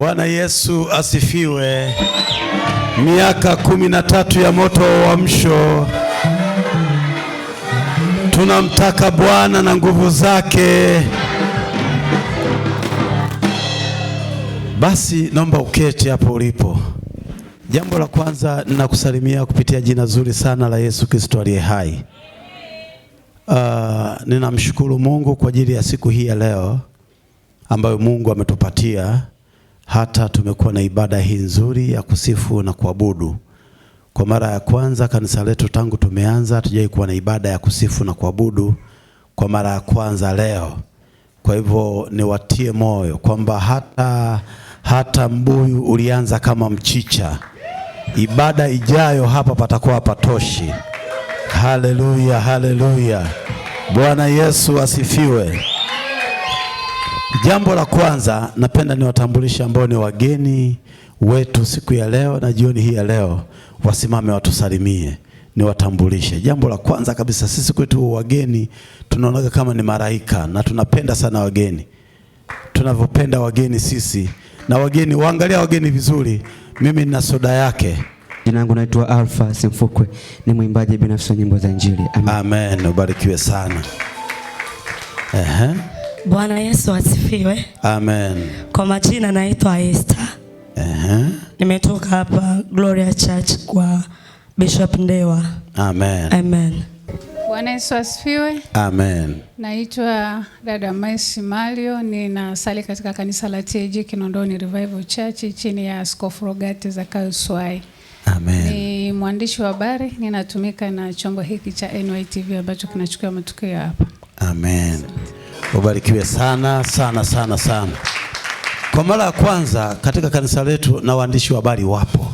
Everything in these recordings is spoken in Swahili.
Bwana Yesu asifiwe. Miaka kumi na tatu ya moto wa uamsho, tunamtaka Bwana na nguvu zake. Basi naomba uketi hapo ulipo. Jambo la kwanza ninakusalimia kupitia jina zuri sana la Yesu Kristo aliye hai. Uh, ninamshukuru Mungu kwa ajili ya siku hii ya leo ambayo Mungu ametupatia hata tumekuwa na ibada hii nzuri ya kusifu na kuabudu. Kwa mara ya kwanza kanisa letu tangu tumeanza hatujawahi kuwa na ibada ya kusifu na kuabudu kwa mara ya kwanza leo. Kwa hivyo niwatie moyo kwamba hata, hata mbuyu ulianza kama mchicha. Ibada ijayo hapa patakuwa patoshi Haleluya, haleluya! Bwana Yesu asifiwe. Jambo la kwanza napenda niwatambulishe ambao ni wageni wetu siku ya leo na jioni hii ya leo, wasimame watusalimie, niwatambulishe. Jambo la kwanza kabisa, sisi kwetu wageni tunaonaga kama ni maraika na tunapenda sana wageni, tunavyopenda wageni sisi. Na wageni waangalia wageni vizuri. Mimi nina soda yake. Jina langu naitwa Alpha Simfukwe, ni mwimbaji binafsi wa nyimbo za Injili. Amen, ubarikiwe sana. Ehe. Bwana Yesu asifiwe. Amen. Kwa majina naitwa Esther. Uh -huh. Nimetoka hapa Gloria Church kwa Bishop Ndewa. Amen. Amen. Bwana Yesu asifiwe. Amen. Naitwa dada Maisi Malio, ninasali katika kanisa la TAG Kinondoni Revival Church chini ya Askofu Rogate Zakayo Swai. Amen. Ni mwandishi wa habari, ninatumika na chombo hiki cha NYTV ambacho kinachukua matukio hapa. Amen. Asante. Ubarikiwe sana sana sana sana. Kwa mara ya kwanza katika kanisa letu na waandishi wa habari wapo,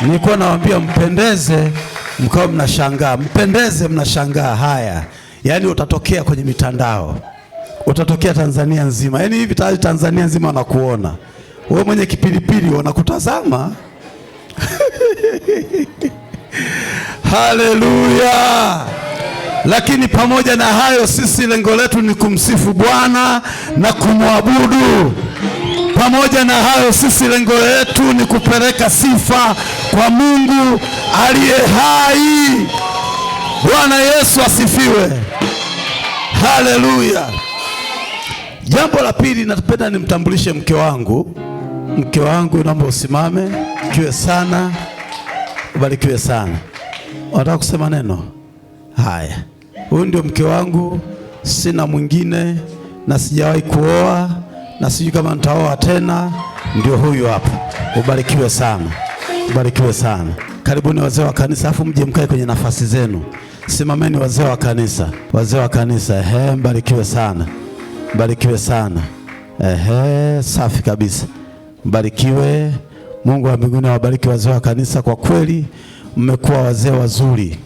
nilikuwa nawaambia mpendeze, mkao mnashangaa, mpendeze mnashangaa. Haya, yaani utatokea kwenye mitandao, utatokea Tanzania nzima, yaani hivi tayari Tanzania nzima wanakuona wewe, mwenye kipilipili wanakutazama. Haleluya! Lakini pamoja na hayo, sisi lengo letu ni kumsifu Bwana na kumwabudu. Pamoja na hayo, sisi lengo letu ni kupeleka sifa kwa Mungu aliye hai. Bwana Yesu asifiwe, haleluya. Jambo la pili, napenda nimtambulishe mke wangu. Mke wangu, naomba usimame. Kiwe sana, ubarikiwe sana. Unataka kusema neno? Haya huyu ndio mke wangu, sina mwingine, na sijawahi kuoa na sijui kama nitaoa tena. Ndio huyu hapa. Ubarikiwe sana, ubarikiwe sana. Karibuni wazee wa kanisa, afu mje mkae kwenye nafasi zenu. Simameni wazee wa kanisa, wazee wa kanisa. Ehe, mbarikiwe sana, mbarikiwe sana. Ehe, safi kabisa, mbarikiwe. Mungu wa mbinguni awabariki wazee wa kanisa, kwa kweli mmekuwa wazee wazuri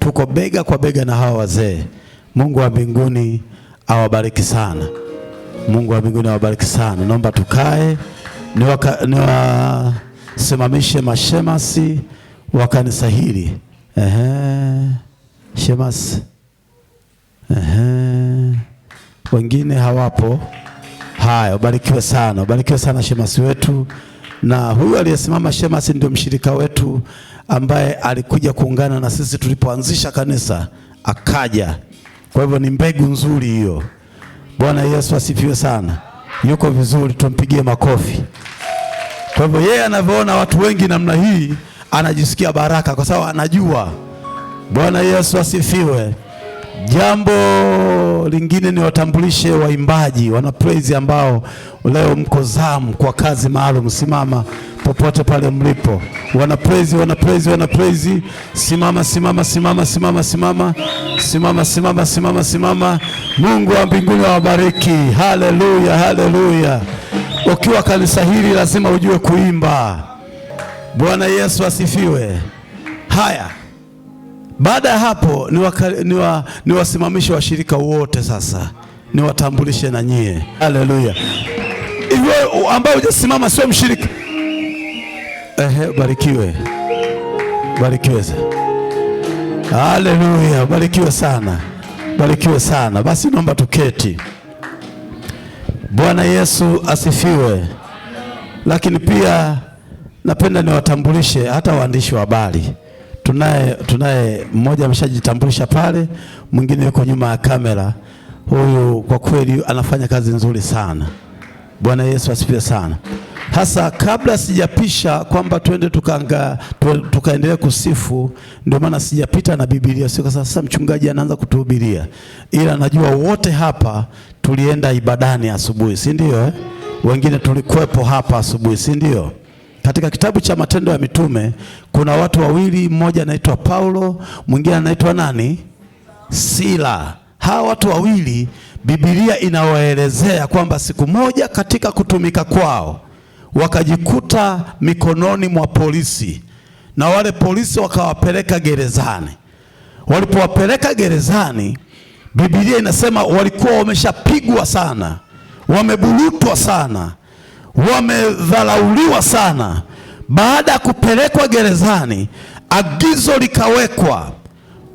tuko bega kwa bega na hawa wazee. Mungu wa mbinguni awabariki sana. Mungu wa mbinguni awabariki sana. Naomba tukae, niwasimamishe mashemasi wa kanisa hili. Ehe, shemasi. Ehe, wengine hawapo. Haya, ubarikiwe sana, ubarikiwe sana shemasi wetu, na huyu aliyesimama shemasi ndio mshirika wetu ambaye alikuja kuungana na sisi tulipoanzisha kanisa akaja. Kwa hivyo ni mbegu nzuri hiyo. Bwana Yesu asifiwe sana, yuko vizuri, tumpigie makofi. Kwa hivyo yeye anavyoona watu wengi namna hii anajisikia baraka, kwa sababu anajua. Bwana Yesu asifiwe. Jambo lingine ni watambulishe waimbaji wana praise ambao leo mko zamu kwa kazi maalum. Simama popote pale mlipo, wanaprezi wanaprezi wanaprezi. Simama simama simama simama simama simama simama simama simama. Mungu wa mbinguni awabariki. Haleluya, haleluya. Ukiwa kanisa hili lazima ujue kuimba. Bwana Yesu asifiwe. Haya, baada ya hapo niwasimamishe washirika wote sasa, niwatambulishe na nyie. Haleluya. Hivyo ambaye hujasimama sio mshirika. Ehe, barikiwe, barikiwe, haleluya, barikiwe sana, barikiwe sana. Basi naomba tuketi. Bwana Yesu asifiwe. Lakini pia napenda niwatambulishe hata waandishi wa habari tunaye tunaye mmoja ameshajitambulisha pale, mwingine yuko nyuma ya kamera. Huyu kwa kweli anafanya kazi nzuri sana. Bwana Yesu asifiwe sana. Hasa kabla sijapisha kwamba twende tukaanga tukaendelea kusifu, ndio maana sijapita na Biblia, sio kwa sasa mchungaji anaanza kutuhubiria, ila najua wote hapa tulienda ibadani asubuhi, si ndio eh? Wengine tulikuwepo hapa asubuhi, si ndio? Katika kitabu cha Matendo ya Mitume kuna watu wawili, mmoja anaitwa Paulo, mwingine anaitwa nani? Sila. Hawa watu wawili Biblia inawaelezea kwamba siku moja katika kutumika kwao wakajikuta mikononi mwa polisi na wale polisi wakawapeleka gerezani. Walipowapeleka gerezani, Biblia inasema walikuwa wameshapigwa sana, wamebulutwa sana, wamedharauliwa sana. Baada ya kupelekwa gerezani, agizo likawekwa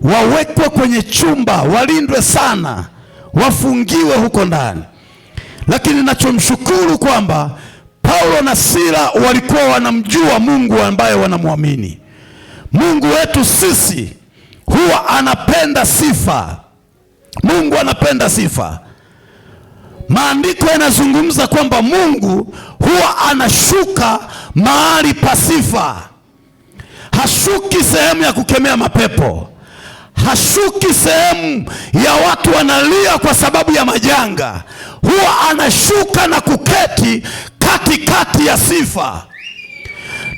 wawekwe kwenye chumba, walindwe sana, wafungiwe huko ndani. Lakini nachomshukuru kwamba Paulo na Sila walikuwa wanamjua Mungu ambaye wanamwamini. Mungu wetu sisi huwa anapenda sifa. Mungu anapenda sifa. Maandiko yanazungumza kwamba Mungu huwa anashuka mahali pa sifa. Hashuki sehemu ya kukemea mapepo, hashuki sehemu ya watu wanalia kwa sababu ya majanga. Huwa anashuka na kuketi katikati ya sifa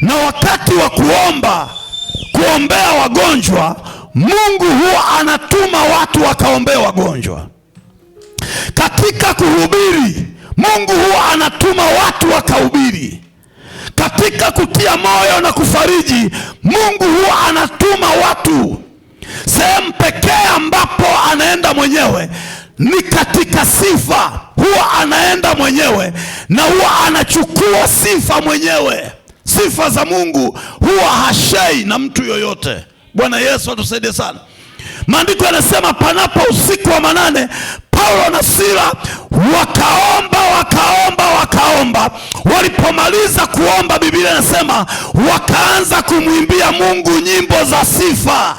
na wakati wa kuomba, kuombea wagonjwa, Mungu huwa anatuma watu wakaombea wagonjwa. Katika kuhubiri, Mungu huwa anatuma watu wakahubiri. Katika kutia moyo na kufariji, Mungu huwa anatuma watu. Sehemu pekee ambapo anaenda mwenyewe ni katika sifa, huwa anaenda mwenyewe na huwa anachukua sifa mwenyewe. Sifa za Mungu huwa hashei na mtu yoyote. Bwana Yesu atusaidie sana. Maandiko yanasema panapo usiku wa manane, Paulo na Sila wakaomba, wakaomba, wakaomba. Walipomaliza kuomba, Biblia inasema wakaanza kumwimbia Mungu nyimbo za sifa.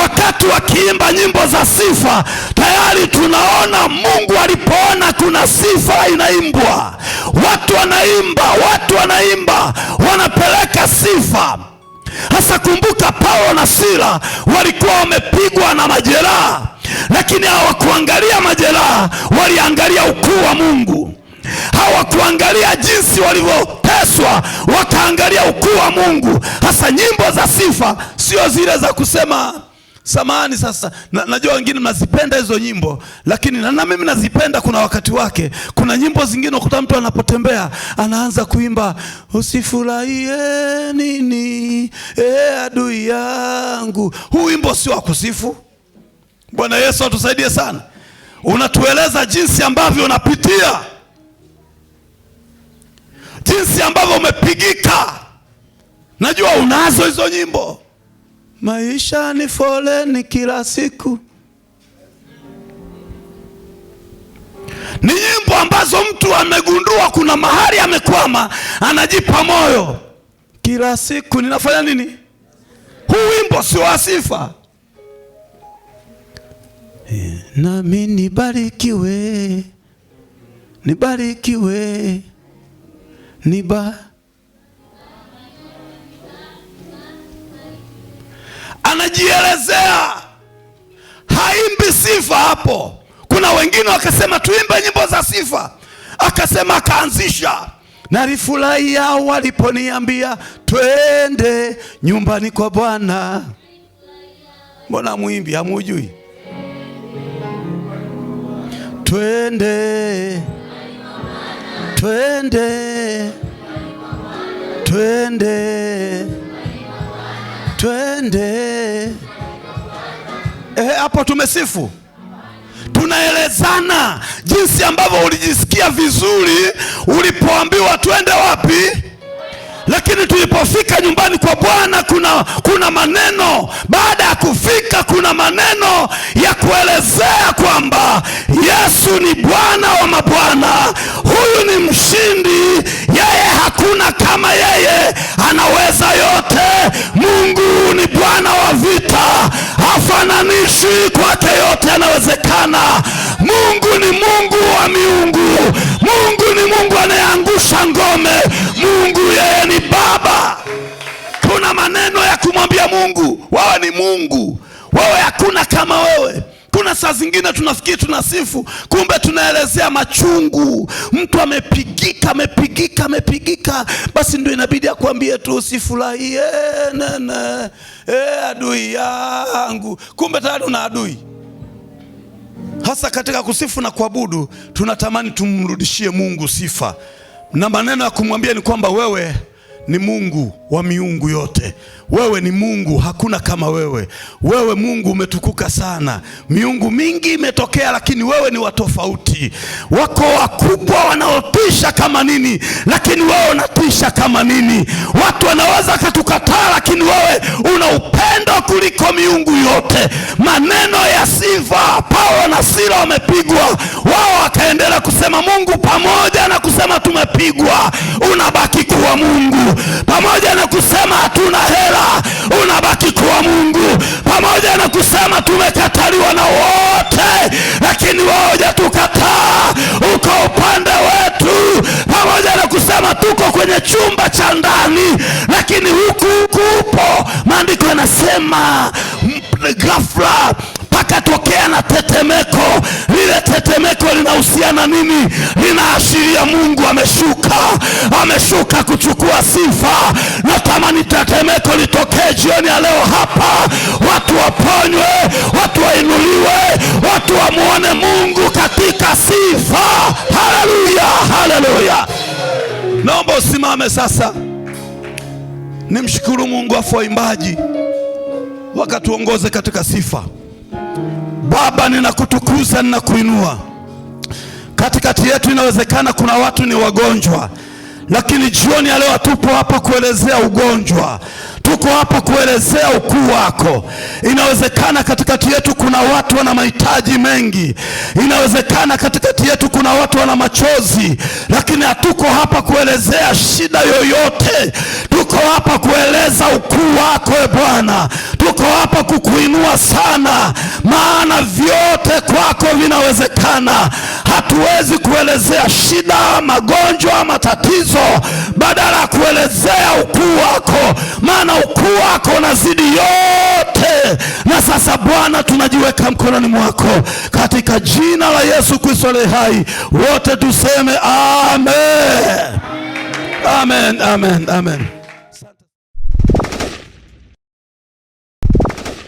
Wakati wakiimba nyimbo za sifa, tayari tunaona Mungu alipoona kuna sifa inaimbwa, watu wanaimba, watu wanaimba, wanapeleka sifa. Hasa kumbuka, Paulo na Sila walikuwa wamepigwa na majeraha, lakini hawakuangalia majeraha, waliangalia ukuu wa Mungu hawakuangalia jinsi walivyoteswa, wakaangalia ukuu wa Mungu. Hasa nyimbo za sifa sio zile za kusema samani sasa na, najua wengine mnazipenda hizo nyimbo, lakini na, na mimi nazipenda. Kuna wakati wake, kuna nyimbo zingine ukuta mtu anapotembea anaanza kuimba usifurahie nini e adui yangu. Huu wimbo sio wa kusifu. Bwana Yesu atusaidie sana, unatueleza jinsi ambavyo unapitia jinsi ambavyo umepigika. Najua unazo hizo nyimbo. Maisha ni foleni kila siku, ni nyimbo ambazo mtu amegundua kuna mahali amekwama, anajipa moyo kila siku, ninafanya nini? Huu wimbo sio wa sifa. Eh, nami nibarikiwe, nibarikiwe niba anajielezea, haimbi sifa hapo. Kuna wengine wakasema tuimbe nyimbo za sifa, akasema akaanzisha nalifurahia waliponiambia twende nyumbani kwa Bwana. Mbona mwimbi hamujui? Twende, twende twende twende. Eh, hapo tumesifu, tunaelezana jinsi ambavyo ulijisikia vizuri ulipoambiwa twende wapi, lakini tulipofika nyumbani kwa Bwana kuna, kuna maneno. Baada ya kufika, kuna maneno ya kuelezea kwamba Yesu ni Bwana wa mabwana, huyu ni mshindi hakuna kama yeye, anaweza yote. Mungu ni Bwana wa vita, hafananishi kwake, yote yanawezekana. Mungu ni Mungu wa miungu, Mungu ni Mungu anayeangusha ngome. Mungu yeye ni Baba. kuna maneno ya kumwambia Mungu, wewe ni Mungu, wewe hakuna kama wewe. Mbona saa zingine tunafikiri tunasifu, kumbe tunaelezea machungu. Mtu amepigika, amepigika, amepigika, basi ndio inabidi akwambie tu usifurahie nene, e, adui yangu. Kumbe tayari una adui. Hasa katika kusifu na kuabudu, tunatamani tumrudishie Mungu sifa, na maneno ya kumwambia ni kwamba wewe ni Mungu wa miungu yote. Wewe ni Mungu, hakuna kama wewe. Wewe Mungu umetukuka sana. Miungu mingi imetokea, lakini wewe ni watofauti. Wako wakubwa wanaotisha kama nini, lakini wewe unatisha kama nini. Watu wanaweza una upendo kuliko miungu yote. Maneno ya sifa, Paulo na Sila wamepigwa, wao wakaendelea kusema Mungu pamoja na kusema tumepigwa, unabaki kuwa Mungu. Pamoja na kusema hatuna hela, unabaki kuwa Mungu. Pamoja na kusema tumekataliwa na wote, lakini wao hajatukataa uko uko kwenye chumba cha ndani, lakini huku huku upo. Maandiko yanasema ghafla pakatokea na tetemeko. Lile tetemeko linahusiana nini? Linaashiria Mungu ameshuka, ameshuka kuchukua sifa. Natamani tetemeko litokee jioni ya leo hapa, watu waponywe, watu wainuliwe, watu wamwone Mungu katika sifa. Haleluya, haleluya. Naomba usimame sasa, nimshukuru Mungu. Afu waimbaji wakatuongoze katika sifa. Baba, ninakutukuza ninakuinua. Katikati yetu inawezekana kuna watu ni wagonjwa lakini jioni ya leo hatupo hapa kuelezea ugonjwa, tuko hapa kuelezea ukuu wako. Inawezekana katikati yetu kuna watu wana mahitaji mengi, inawezekana katikati yetu kuna watu wana machozi, lakini hatuko hapa kuelezea shida yoyote, tuko hapa kueleza ukuu wako, e Bwana. Tuko hapa kukuinua sana, maana vyote kwako vinawezekana. Hatuwezi kuelezea shida, magonjwa, matatizo, badala ya kuelezea ukuu wako, maana ukuu wako unazidi yote. Na sasa Bwana, tunajiweka mkononi mwako katika jina la Yesu Kristo aliye hai, wote tuseme amen, amen, amen, amen.